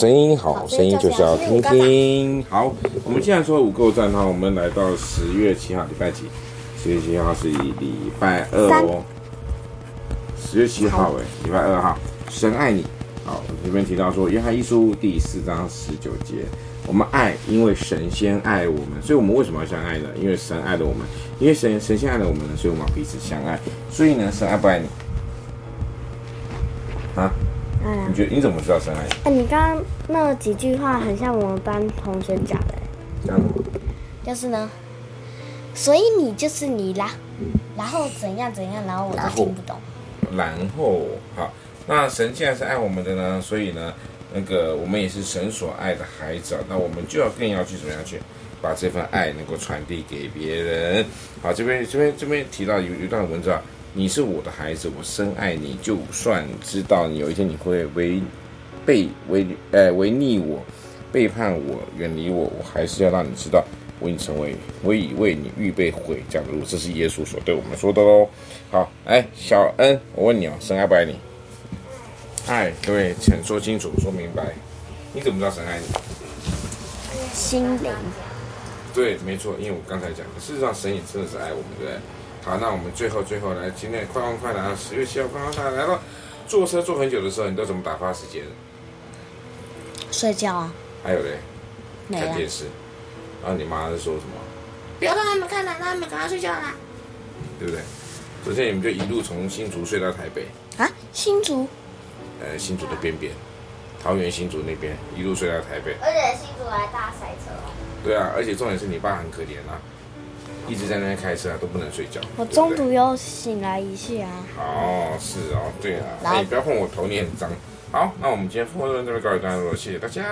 聲音好，好，聲音就是要聽聽。好，我們現在說五夠讚的話，我們來到十月七號禮拜幾？十月七號是禮拜二哦。十月七號誒，好禮拜二號。神愛你。好，我們這邊提到說約翰一書第四章十九節，我們愛，因為神先愛我們，所以我們為什麼要相愛呢？因為神愛了我們，因為神神先愛了我們，所以我們要彼此相愛。所以呢，神愛不愛你？啊？哎、你覺得你怎麼知道神愛你，哎？你剛剛那幾句話很像我們班同學講的。這樣子。就是呢，所以你就是你啦。嗯。然後怎樣怎樣？然後我就聽不懂。然後，然後好，那神既然是愛我們的呢，所以呢，那個我們也是神所愛的孩子啊。那我們就要更要去怎麼樣去把這份愛能夠傳遞給別人。好，這邊這邊這邊提到有有一段文字啊。你是我的孩子，我深愛你。就算知道你有一天你會違背、違呃違逆我，背叛我，遠離我，我還是要讓你知道，我已經成為，我已為你預備悔。這樣這是耶穌所對我們說的嘍。好，哎，小恩，我問你哦，神愛不愛你？嗨、哎，各位，請說清楚，我說明白，你怎麼知道神愛你？心靈對，沒錯，因為我剛才講的，事實上神也真的是愛我們的。對好，那我們最後最後來，今天快問快答！十月七號快問快答。然後坐車坐很久的時候，你都怎麼打發時間？睡覺啊。還有嘞。沒了。看電視。然後你媽在說什麼？不要讓他們看了，讓他們趕快睡覺啦。對不對？首先你們就一路從新竹睡到台北。啊，新竹。呃，新竹的邊邊，桃園新竹那邊一路睡到台北。而且新竹還大塞車。對啊，而且重點是你爸很可憐啊。一直在那邊開車，啊，都不能睡覺。我中途又醒來一下，啊。哦吧，是哦，對啊。你來、欸、不要碰我頭，你很髒。好，那我們今天豐禾碩恩這邊告一段落，謝謝大家。